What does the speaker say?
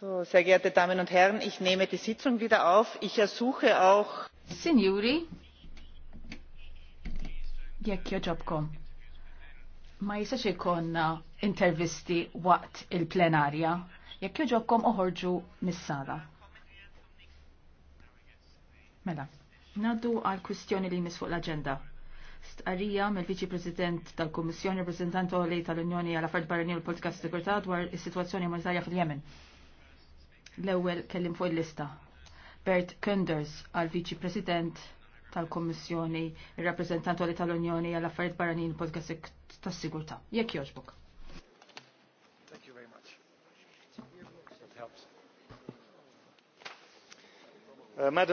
So, sehr geehrte Damen und Herren, ich nehme die Sitzung wieder auf. Ich ersuche auch. Signori, jekk joġobkom. Ma jistax ikonna intervisti waqt il-plenarja. Jekk joġobkom uħorġu mis-sala. Mela, naddu għal kwistjoni li jmiss fuq l-agenda. Stqarrija mill-Viċi President tal-Kummissjoni Oli tal-Unjoni għal Affarijiet Barranin u l-Politika Sikurtà dwar is-sitwazzjoni umanitarja fil-Yemen l-ewwel kellim fuq il-lista. Bert Kunders għal viċi President tal-Kommissjoni, il-rappresentant tal-Unjoni għal affarijiet barranin podcast tas-sigurtà. Jekk jogħġbok. Uh,